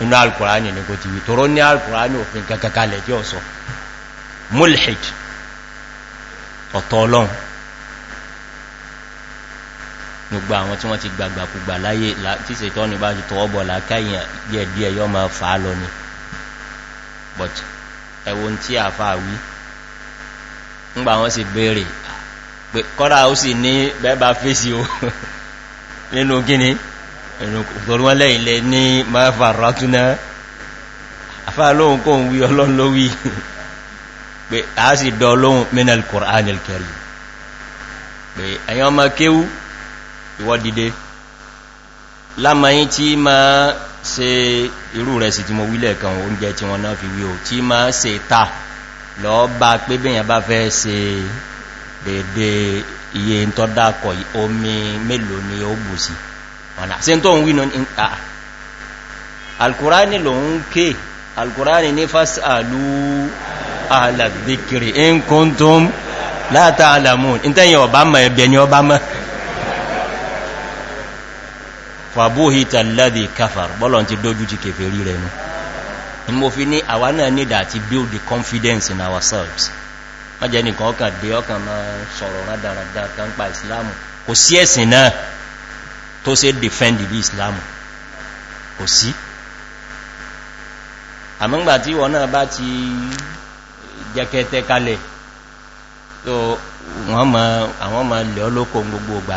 inú alkùránì ní kò ti wì tóró ní alkùránì òfin kankankalẹ̀ tí ó mulhid ọ̀tọ̀ ọlọ́run gbogbo àwọn tí wọ́n ti gbàgbàkúgbà láyé tí ṣètọ́ ní bá ti tọwọ́bọ̀ lákáyìn díẹ̀ díẹ̀ yọ́ ma fà á lọ ni but ẹwọ́n tí a fà wí ńgbà wọ́n sì bèèrè pé kọ́dà ó sì ní bẹ́bà fèsì o nínú gíní ìrùnkùnlẹ́yìnlẹ́ ní mẹ́fà rọ́túnná afá kéwú ìwọ́dìde lámàáyí tí ma se irú rẹ̀ sí tí mo wílẹ̀ kan oúnjẹ tí wọ́n náà fi wí o tí ma se ta lọ bá pé bẹ́yàn bá fẹ́ se dédé iye tó dákọ̀ omi mélòó ni ó bù sí ọ̀nà sí tó ń wí náà alkùránì lòun ké alkùránì ní fásàlú alàdíkiri in kúntùm látàlàmùn in tẹ́yìn ọba mọ̀ ẹ̀bẹ̀ ni ọba mọ̀ fabu lẹ́dì kafar bọ́lọ̀ ti dójú ti kèfè rí rẹ̀ nù ni mo fi ní àwa náà need ti build the confidence in ourselves má jẹ́ nìkan ọkàn dé ọkàn ma sọ̀rọ̀ rádaràdá kan pa islamu kò sí ẹ̀sìn náà tó ṣe defend bí islamu kò sí àmúgbà tí wọ́n náà bá ti jẹ́kẹ́tẹ́ kalẹ̀ tó wọ́n ma àwọn gbogbo ògbà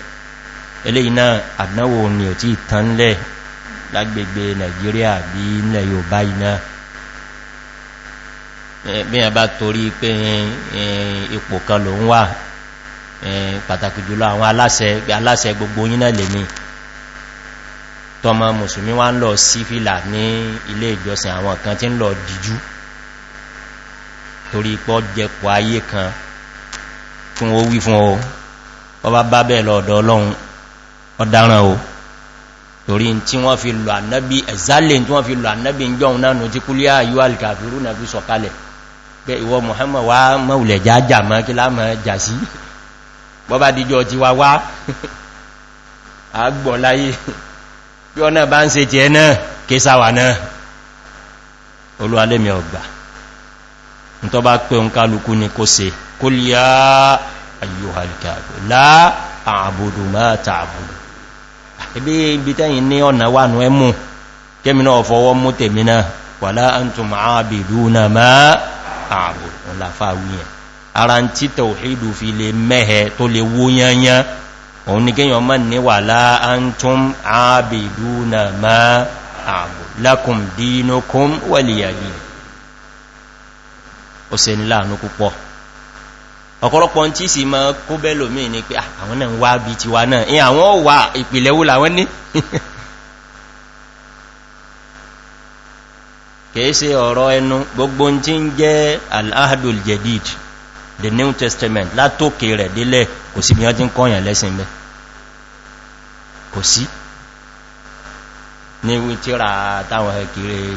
eléyìí náà àdánwò ni ò tí ìtànlẹ̀ lágbègbè nàìjíríà bí ilẹ̀ yóòbá iná bí i bá torí pé ipò kan ló ń wà pàtàkì jùlọ àwọn aláṣẹ gbogbo yínà lè ní tọmọ musulmi wá ń lọ sí fìlà ní ilé ìjọsìn àwọn kan tí ń lọ dìjú torí pọ́ jẹpọ̀ ayé kan fún ó wí fún ọ ọba bá bẹ́ẹ̀ lọ́ọ̀dọ̀ ọlọ́run ọ̀daràn o torí tí wọ́n fi lọ ànábí ẹ̀zálẹ̀ tí wọ́n fi lọ ànábí ń jọun náà tí kú líà yíò alìkàfirú na fi sọ̀kalẹ̀ pé ìwọ muhammad wá mọ́ulẹ̀ jájá mọ́ kí lámọ́ jà sí bọ́bá díjọ ti wá wá àgbọ̀ láyé bí ọ́nà bá ń se ti la àbùdù máa ta ibi ibi tẹ́yìn ní ọ̀nà wà nù ẹmù kémi náà fọwọ́ mú tèmi náà wà láàntù ààbìdú na máa ààbò ọ̀làfàwíyàn ara ń tí tàwíìdù fi lè mẹ́hẹ tó lè wó yányá ọ̀pọ̀lọpọ̀ tí sì ma kó bẹ́lò mí ní pé ah, àwọn náà wá bí ti wá náà in àwọn wà ìpìlẹ̀ wó làwọn ní kèése ọ̀rọ̀ ẹnu gbogbo tí ń jẹ́ al'adul jadid the new testament látókè rẹ̀ délẹ̀ kò sí bí wọ́n ń kọ́yàn lẹ́sìn mẹ́ kò sí ní wítírà táwọn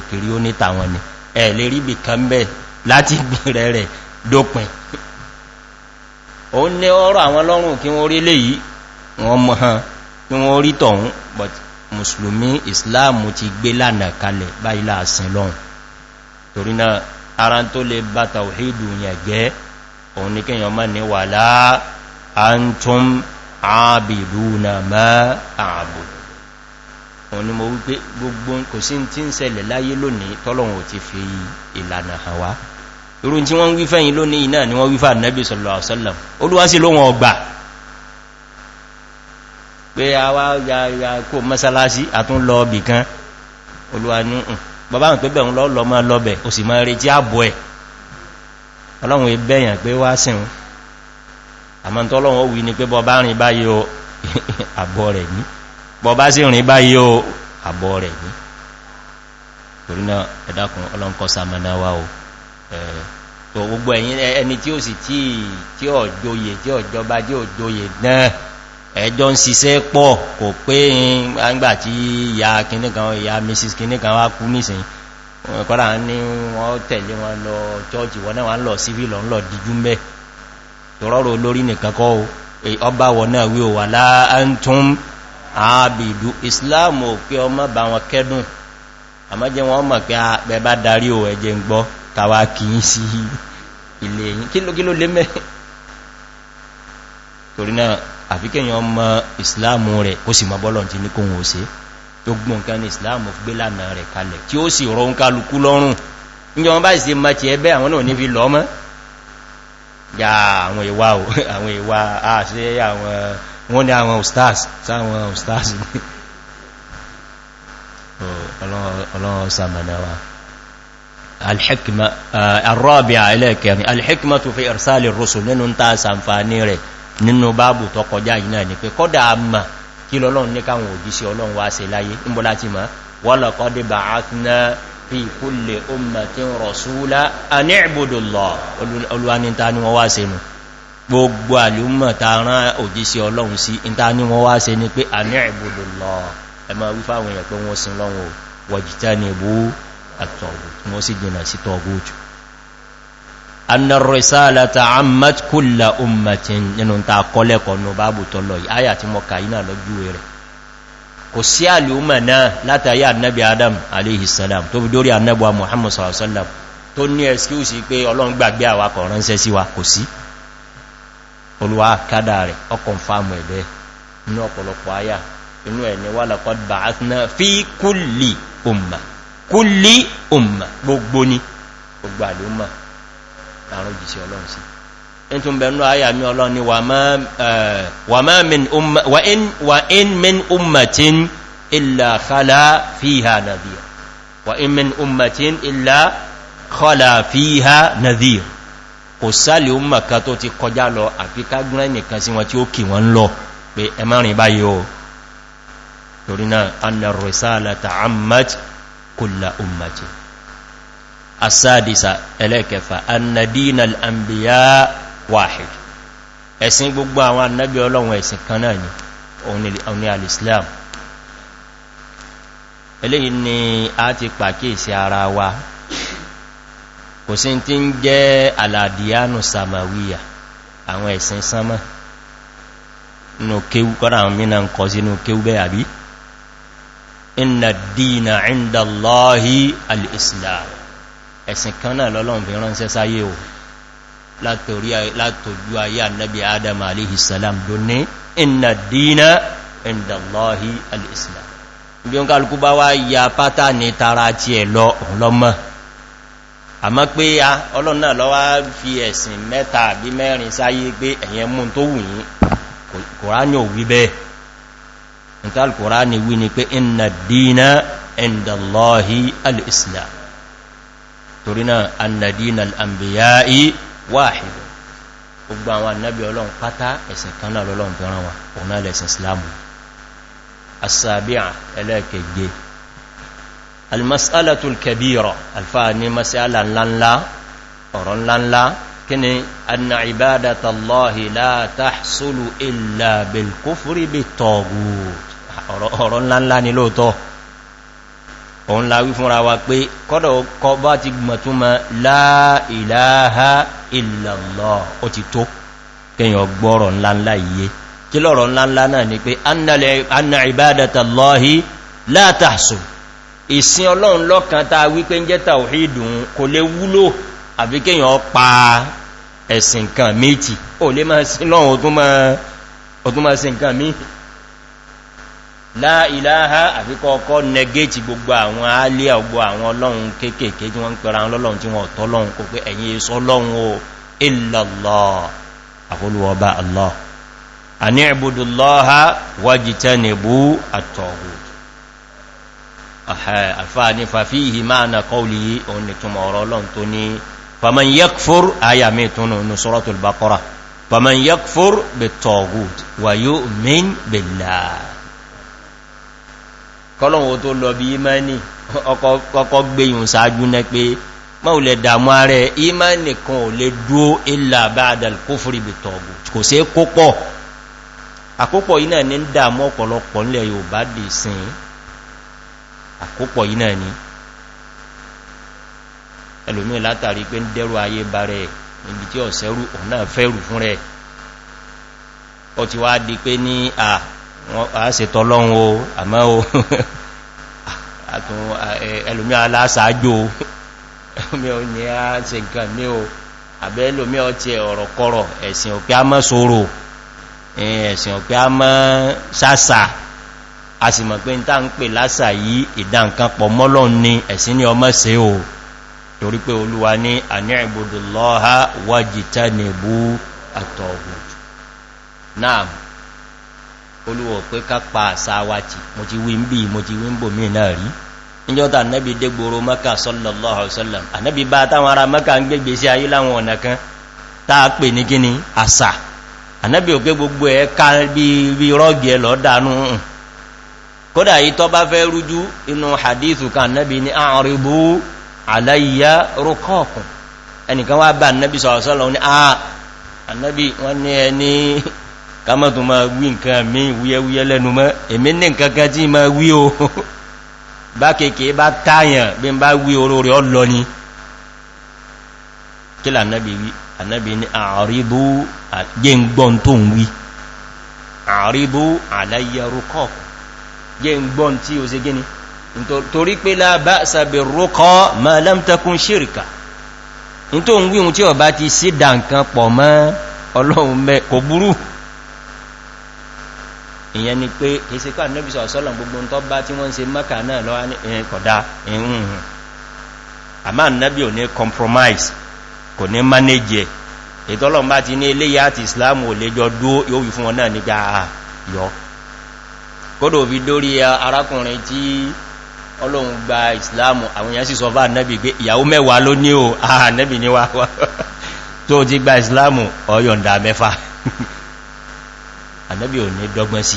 kiri ó ní tàwọn ni ẹ̀ lérí bìkan bẹ́ láti gbìrẹ̀ rẹ̀ dópin òun ní ọrọ̀ àwọn lọ́rùn kí wọ́n rí léyìí wọ́n mọ̀ hàn kí wọ́n rí tọ̀hún but musulmi islam ti gbé lánà kalẹ̀ báyìí láàsìn lọ́rùn torí náà ara tó lè bá tàwíìdù yẹn gẹ́ òun ní kíyàn mọ́ ní wà láà antum abiduna ma ààbò irú tí wọ́n wí fẹ́yìn lónìí náà ni wọ́n wí fà nẹ́bí sọ̀lọ̀ àṣọ́lọ̀ olúwa sí lóhun ọgbà pé àwá ya kó mọ́sálásí àtún lọ bì kan olúwa ní ǹ bàbá ń pẹ́ bẹ̀ ń lọ lọ máa lọ́bẹ̀ ó sì máa retí àbọ̀ ẹ̀ ọlọ́run ìbẹ̀yàn pé wá sìn àmọ́ ni pé bọba rìn báyìí o àbọ̀ rẹ̀ ní bọba sí so gbogbo ẹ̀yin ẹni tí ó sì tí ó jóye tí ó jọba tí ó jóye náà ẹjọ́ ń siṣẹ́ pọ̀ kò pé ìgbà tí ìyá kìnnìkan ìyá mrs kìnnìkan wá kú nìsìn kọ́lá ní wọ́n tẹ̀lé wọn lọ chọ́ọ̀tì wọ́n náà wọ́n lọ síbí lọ ń lọ díjú mẹ́ tọ́rọ̀rọ̀ olórí nìkan kọ́ ọba wọ islamu pé ọmọ bá wọn kẹ́dùn àmọ́jẹ́ wọn mọ̀ pé bẹba darí ò ẹjẹ́ ń gbọ́ tàwà kìí sí ilé yìí kí ló kí ló lé mẹ́ torí náà àfikẹ́yàn ọmọ ìsìláàmù rẹ̀ ó sì mọ́ bọ́lọ̀ tí ní kóhun ó se tó gbọ́n kan ní ìsìláàmù gbé lànà rẹ̀ kalẹ̀ tí ó sì rọun kálukú lọ́rùn níjọba bá sì ma ti ẹbẹ́ àwọn náà ní fi lọ́mọ́ ya àwọn ìwà àwọn ìwà àṣẹ àwọn wọ́n ní àwọn ọlọ́run sàmànà alhikma arọ́bíà ẹlẹ́kẹrin alhikma tó fi irsali rusul nínú ta sàǹfàní rẹ̀ nínú báàbù tó kọjá yìí náà ni pé kọ́dà àmà kí lọ́lọ́run ní káwọn òjíṣẹ́ ọlọ́run wá se láyé ń bọ́lá ti máa wọ́lọ̀kọ́dé bá ákùnà fi kúlè ummatin rasúlá a ní ìbòdòlọ́ olúwaníta ni wọ́n wá se nù gbogbo àlúmọ̀ ta rán òjíṣẹ́ ọlọ́run sí ìta ni wọ́n wá se ní pé a ní ìbòdòlọ́ ẹ ma wífà àwọn èèyàn pé wọ́n sin lọ́wọ́ wọ̀jítẹ́ ni ìbú àtọ̀wò wọ́n sì jìnà sí tọ́gójù anna risala ta ammat kulla ummatin nínú ta kọ́lẹ̀kọ̀ nù báàbù tọ́lọ̀ ayà tí mọ́ ka iná lọ júwe rẹ̀ kò sí àlúmà náà látàrí annabi adam aleyhisselam tó bí dórí annabuwa muhammad sallallahu tó ní ẹ̀skúsí pé ọlọ́run gbàgbé àwa kọ̀ ránṣẹ́ sí wa kò fi kúlì umma kúlí òmà gbogbo ni gbogbo àlúmà àrùn jìsí ọlọ́run sí ní tún bẹ̀rún àyà ní ọlọ́run ni wà in min ummatin illa khala fiha nadhir wà in min ummatin illa khala fiha nadhir kò sáàlì umma kan tó ti kọjá lọ àfíká gúnrẹ́ nìkan sí wọn tí ó kì wọ́n lọ pé ẹmọ́rin báyìí o torí náà annar risala ta'ammat kùlà ummati asadisa ẹlẹ́kẹfà annadina al'ambiya wahid ẹ̀sìn gbogbo àwọn annabi ọlọ́run ẹ̀sìn kan náà ni òun ni al'islam eléyìn ni a ti pàkíyèsí ara wa kò sí tí ń jẹ́ aladiyanu samawiya àwọn ẹ̀sìn sánmà nù kéwú kọ́ra àwọn mìíràn kọ sínú kéwú bẹ́ àbí inna dina inda allahi al'islam ẹ̀sìn kan náà lọ́lọ́n fi ránṣẹ́ sáyé o látòjú ayé annabi adam aléhì salam ló ní inna dina inda allahi al'islam bí n kálukú bá wá ya pátá ní tara ti ẹ̀ lọ ọlọ́mọ àmá pé a ọlọ́n náà lọ́wá fi ẹ̀sìn mẹ́ta àbí mẹ́rin sáyé pé ẹ̀yẹn mú tó wù kòránì ò bẹ́ẹ̀ nǹkan alkùránì wí ni pé iná dínà ẹ̀ndàlọ́hí al'islam torí náà annadina al'ambiyayi wáhìdì gbogbo àwọn annabi ọlọ́run pátá ẹ̀sìn kan náà lọ́lọ́run fẹ́ràn wa òun náà lẹ́sìn islamu asabi'a ẹlẹ́kẹ̀ẹ́gẹ́ almasalatul kabira alfáà ní masala ńláńlá ọ̀rọ̀ ńláńlá kíni anna ibadatallahi la tahsulu illa bil kufri bi tagut ọ̀rọ̀ ńláńlá ni lóòtọ́ òun la wí fúnra wa pé kọ́dọ̀ kọ bá ti gbọ̀túnmọ̀ láìláha ìlàlọ́ ó ti tó kíyàn gbọ́rọ̀ ńláńlá iye kí lọ́rọ̀ ńláńlá náà ni pé anna ìbádàtà lọ́hí látàṣù ìsin ọlọ́run lọ́kan ta wípé ń jẹ́ta òhìdùn kò lè wúlò àbí kíyàn pa ẹ̀sìn kan méjì ó lè máa sin lọ́run ó tún máa sin kan méjì láìláha àfikọ́ọ̀kọ́ negate gbogbo àwọn alẹ́ ọgbọ́ àwọn ọlọ́run kéèkèé tí wọ́n ń pẹ̀rẹ̀ àwọn ọlọ́run tí wọ́n tọ́ lọ́run kò pé ẹ̀yìn èso lọ́run o ìlàlọ́ àfolúwọba allah a ní ìbùdùlọ́ha wájítẹ́nìbú àtọ̀hù faman yakfur bi tawhid wa yu'min billah kọ́lọ̀wọ́ tó lọ bí imani ọkọ̀ gbéyùn sáájú ní pé máa lè dàmú ààrẹ imani kan ò lè dúó ilà báadàl kó fúrí bí tọ̀gbù kò sí kópọ̀ àkópọ̀ iná ní dàmú ọ̀pọ̀lọpọ̀ nílẹ̀ yóòbá dì sín àkópọ̀ iná ni ẹlòmí látàrí pé ń dẹ́rù ayé bá rẹ̀ níbi tí ọ̀sẹ́rù ọ̀nà fẹ́rù fún rẹ̀ ọ ti wá di pé ní à wọ́n a ṣe tọ́lọ́run o àmọ́ o àtún ẹlòmí aláṣáájú o ẹlòmí o ní a ṣe nǹkan ní o àbẹ́ ẹlòmí ọ ti ọ̀rọ̀ kọrọ̀ ẹ̀sìn òpé a mọ́ sóró ẹ̀sìn òpé a mọ́ sásà a sì mọ̀ pé ń tá ń pè lásà yìí ìdá nǹkan pọ̀ mọ́lọ́n ni ẹ̀sìn ni o torí pé olúwa ní olúwọ̀ pé ká pa àṣà wa tì mo ti wí ń bí mo ti wí ń bò mí náà rí níjọ́ta annabi dégboro maka sallallahu alaihi wasallam annabi bá táwọn ará maka ń gbégbé sí ayé láwọn ọ̀nà kan táa pè ní gíní àṣà annabi ò pé gbogbo ẹ ká bí rọ́gì ẹ lọ dánú kódà yí tọ́ bá fẹ́ rújú inú hadithu kan annabi ni àrìbú aláyíyá rúkọ́ọ̀kùn ẹnìkan wá bá annabi sallallahu alaihi wasallam ní ah, kámọ́tù ma wí nǹkan mi wúyẹ́wúyẹ́ lẹ́nu mọ́ èmi ní nǹkan kan tí ma wí o bá kèkè bá táyàn bí n bá wí oró rẹ̀ ọlọ ni kí lànàbí wí ànàbí ní àríbú jẹ́ ń gbọ́n tó ń wí àríbú àláyẹrú kọ́ jẹ́ ń gbọ́n tí ó se gíní torí pé ìyẹn ni pé kìí pà nẹ́bí sọ̀sọ́lọ̀ gbogbo tó bá tí wọ́n ń se mọ́kà náà lọ́wọ́ ìyẹn kọ̀dá ìhun àmá nẹ́bí ò ní compromise kò ní manage ìtọ́lọ̀n bá ti ní iléyà àti islam ò lè jọ dúó yóò wí fún wọn náà nígbà yọ kódò fi dórí arákùnrin tí ọlọ́run gba islam àwọn èèyàn ànábì ò ní dọ́gbọ́n sí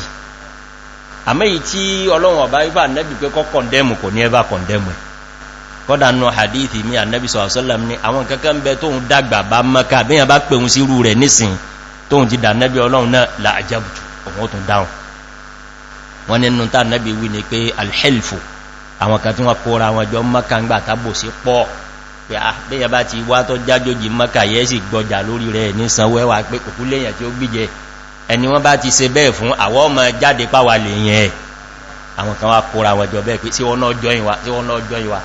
àmẹ́yí tí ọlọ́run ọba ibá ànábì pé kọ́ kọ̀ndẹ́mù kò ní ẹbá kọ̀ndẹ́mù kọ́dà nù hadithi ní ànábì sọ̀rọ̀sọ́lọ́m ní àwọn kankan bẹ tóun dàgbà bá mọ́ká bí yàn bá pèun sí irú rẹ̀ nísìn tóun ti dà ànábì ọlọ́run náà la àjábùtù òun ó tún dáhùn wọ́n nínú tá ànábì wí ni alhelfu àwọn kan tí wọ́n kóra wọn jọ mọ́ká ń gbà tábò sí pọ̀ pé àbẹ́yàn ah, bá ti wá tó jájójì mọ́ká ẹni wọ́n bá ti se bẹ́ẹ̀ fún àwọ́ ọmọ jáde páwà lè yẹn ẹ̀ àwọn kan wá kóra wọn jọ bẹ́ẹ̀ pé sí wọ́n náà jọ ìwà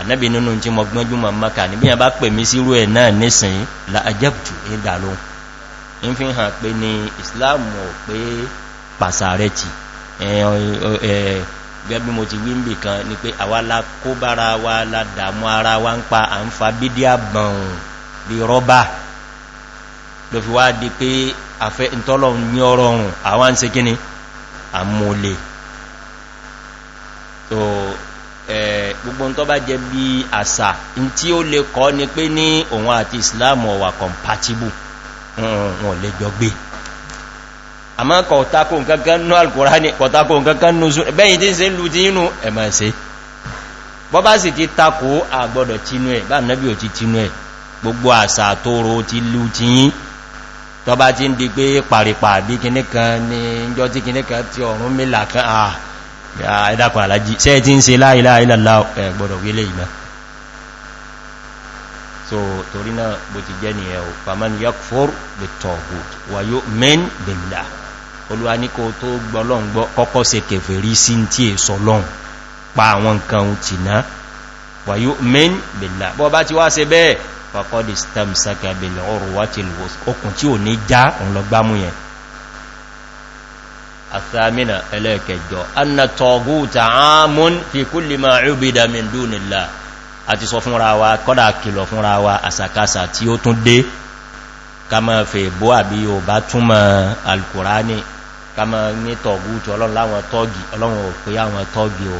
ànábì nínú tí mọ gbọ́njú mọ̀ mọ́ka níbi yàn bá pè mí sírú ẹ̀ náà nísìn la ajẹ́pùtù ìdà ló ń fi hàn pé ní islam ò pé pàṣàrẹ̀ ni pé àwálá kó bára wa ládàmú ara wa ń pa à fi wá di pé afe ìtọ́lọ̀ yọrọrùn àwọn ń se gíní àmúlé tó gbogbo tó bá jẹ bí àṣà tí ó lè kọ́ ni pé ní òun àti islam ọ̀wà compatible wọn lè jọ gbé àmá kọ̀ọ̀tákò nǹkan nú sún ẹ̀bẹ́yìn tí ń se lù tí inú ti takò àgbọ̀dọ̀ tínú ẹ̀ bá nẹ́bí ti tínú gbogbo àṣà ti lù tó bá ti ń di pé pàrìpà bí kìní kan ní ìjọ tí kìní kan tí ọ̀run mìlà kan ah, à ẹ̀dàkùn alájí sẹ́ ti ń se láìlá ìlàlá gbọ́dọ̀ wílé ìmá so torí náà bó ti jẹ́ nìyẹn o faman yakfur bi tawhid wa yu'min billah olúwa ní kó tó gbọ́lọ́n gbọ́ kọ́kọ́ se kèfèrí sí tí è sọ lọ́n pa àwọn nǹkan ti ná wa yu'min billah bọ́ bá ti wá se fàkọ́dì stamsaka bil urwati okùn tí ò ní já òun lọ gbámú yẹn àtàmìnà ẹlẹ́ẹ̀kẹjọ anna tọ̀gúta ámún fi kúlì máa rúbìdà min dúnìlá àti sọ fúnra wa kọ́dà kìlọ̀ fúnra wa àsàkásà tí ó tún dé kama fẹ́ bó àbí o bá túnmọ̀ alkùránì kama ní tọ̀gútù ọlọ́run láwọn tọ́gì ọlọ́run ò pé àwọn tọ́gì o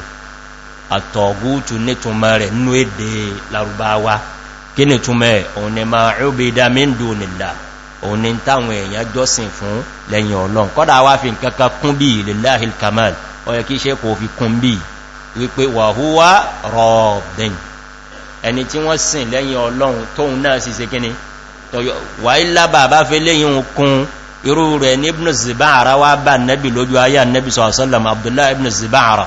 àtọ̀gútù nítumọ̀ kí ni túnmẹ́ òun ni máa rúbìdá míndù nìlá òun ni táwọn èèyàn jọ́sìn fún lẹ́yìn ọlọ́n kọ́dá wá fi nkankan kún bí lèláhìl kamal ọyẹ kí ṣe kò fi kún bí wípé wàhúwá rọ̀ọ̀dìn ẹni tí wọ́n sìn lẹ́yìn ọlọ́run tóun náà ibn zibára wá bá nẹ́bì lójú ayá nẹ́bì ibn zibára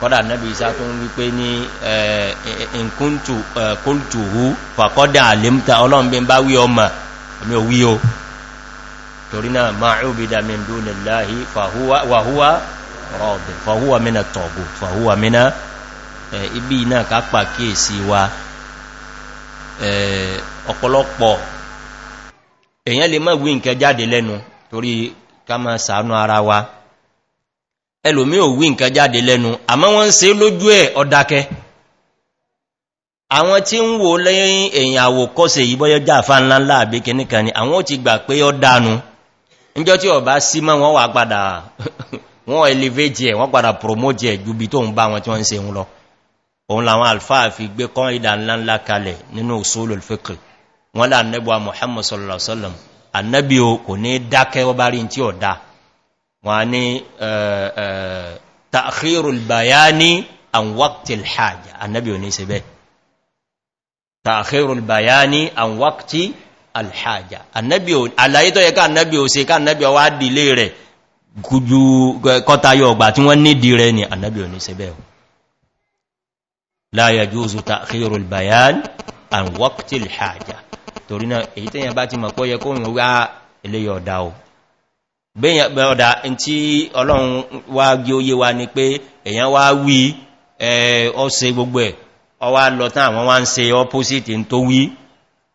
kọ́dà náàbí isa tó ń wípé ní ẹ̀ẹ̀kúntùhú pàkọ́dà àlèmta ọlọ́m̀bí bá wí ọmọ omi òwí o torí náà máa rúbìdà min dúnà láàáhí fàhúwà rọ̀bẹ̀ fàhúwà mẹ́nà tọ̀gù fàhúwà mẹ́nà ibi náà kápà kíèsí wa ọ̀pọ̀lọpọ̀ èèyàn lè má wí nǹkan jáde lẹ́nu torí ká máa sàánú ara wa ẹlòmí ò wí nǹkan jáde lẹ́nu àmọ́ wọ́n ń se lójú ẹ̀ ọ̀dákẹ́ àwọn tí ń wo lẹ́yìn èyàn àwòkọ́sẹ̀ yìí bọ́yọ́ jà fà àbí kìníkan ni àwọn ò ti gbà pé ọ dánu níjọ́ tí ọ̀bá sí mọ́ wọ́n wà padà wọ́n elevate ẹ̀ wọ́n padà promote ẹ̀ ju bí tóun bá wọn tí wọ́n ń se ń lọ òun làwọn alfáà fi gbé kán ìdá ńlá kalẹ̀ nínú òṣòlò fẹ́kì wọ́n lá anẹ́bọ̀ muhammad sallallahu alaihi wasallam anẹ́bí o kò ní dákẹ́ wọ́n bá rí tí ọ̀dá wọ́n ní ta'khirul bayani an waqtil hajj annabi oni se be ta'khirul bayani an waqti al hajj annabi àlàyé tó yẹ ká annabi ó ṣe ká annabi ó wá dile rẹ̀ kuju kota yo gba tí wọ́n ní dire ni annabi oni se be la yajuzu ta'khirul bayan an waqtil hajj torí náà èyí tẹ́yàn bá ti mọ̀ pé ó yẹ kó ń wá eléyọ̀ dá o bẹ́yàn ọ̀dá tí ọlọ́run wá gí oyé wa ni pé èyàn wá wí ọ́sẹ gbogbo ẹ̀ ọwá lọ́tán àwọn wá ń se opposite n tó wí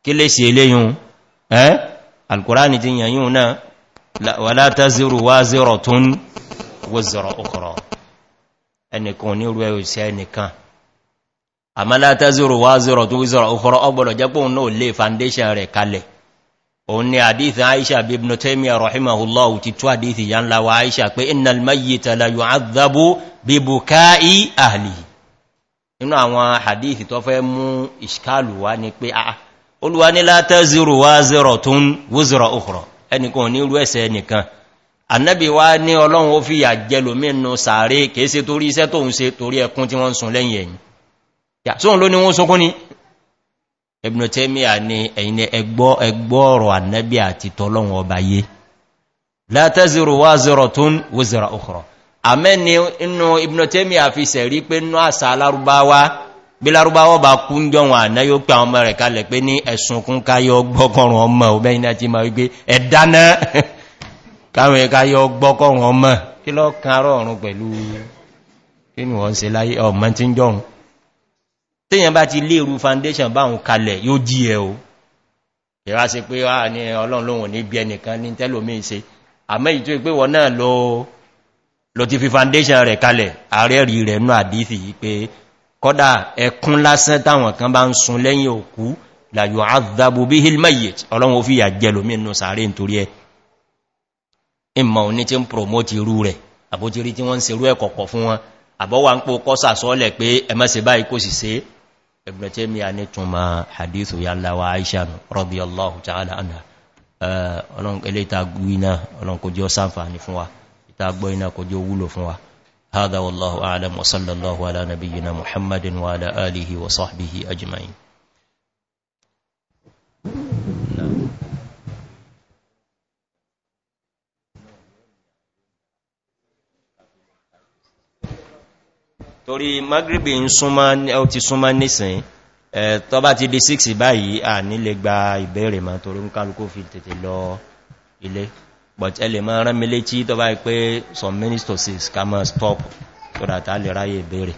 kí lè sí eléyìn ẹ́ alkùránì ti yànyìn náà wà látá zero wá zero tó ń wó zero ọkọ̀rọ̀ ẹnìkan ní rú ẹ̀ṣẹ́ ẹnìkan àmá látá zero wá zero tó wí zero ọkọ̀rọ̀ ọgbọ̀lọ̀ jẹ́pọ̀ náà lè foundation rẹ̀ kalẹ̀ òun ni àdíthì aisha bí ibn taimiyya rahimahullahu ti tó àdíthì ya ńlá wa aisha pé inal mayyita la yu'adhabu bi bukai ahli inú àwọn àdíthì tó fẹ́ mú ìṣkálù wá ni pé a ah, olúwa ní látẹ́ zero wá zero tó ń wúzọ̀rọ̀ òkùrọ̀ ní irú ẹ̀sẹ̀ ẹnìkan annabi wa ní ọlọ́run ó fi yà jẹlòmínú sàárè kèése torí iṣẹ́ tóun se torí ẹkún tí wọ́n sun lẹ́yìn ẹ̀yìn yà sóhun ló ní wọ́n sunkún ni ibn taymiya ni ẹ̀yin ni ẹgbọ́ ẹgbọ́ ọ̀rọ̀ annabi àti tọ́lọ́wọ́ ọba yé látẹ́zìrò wá zọrọ̀ tó ń wòzìrà òkùrọ̀ àmẹ́ni inú ibn taymiya fi sẹ̀rí pé nú àṣà alárúbáwá bí lárúbáwọ́ bá kún jọun àná yóò pẹ àwọn ọmọ rẹ̀ kalẹ̀ pé ní ẹ̀sùn kún káyọ jọun tíyàn bá ti léèrú foundation báhùn kalẹ̀ yóò jí ẹ o ìrá sí pé wá ah, ní ọlọ́run lóhun ní bí ẹnìkan ní tẹ́lòmí ṣe àmẹ́ ìtò ìpé wọ náà lọ ti fi foundation rẹ̀ kalẹ̀ ààrẹ rí rẹ̀ ní àdífì pé kọ́dà ẹkún lásán táwọn kan bá ń sun lẹ́yìn òkú làyọ̀ àdàbò bí hilmayet ọlọ́run ó fi yà jẹ́ lómi nù sàárè nítorí ẹ tí wọ́n ń serú ẹ̀kọ̀kọ̀ fún wọn àbọ́wà ń pò kọ́sà sọ́ọ̀lẹ̀ pé ẹmẹ́sẹ̀ báyìí kò sì se ibn taymiya ni tuma hadithu ya Allah wa aisha radiyallahu ta'ala anha eh olon ele ta gwina olon ko jo sanfani fún wa ta gbo ina ko jo wúlò fún wa hada wallahu a'lam wa ala nabiyyina muhammadin wa ala alihi wa sahbihi ajma'in torí magribi ti súnmọ́ nísìn tó bá ti di 6 báyìí a nílé gba ìbéèrè ma torí ń kálukú fi tètè lọ ilé but ẹ lè máa rán mi létí tó bá pé some minutes to 6 ká máa stop tó dàtà lè ráyè ìbéèrè